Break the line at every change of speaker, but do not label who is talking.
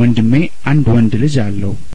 ወንድሜ አንድ ወንድ ልጅ አለው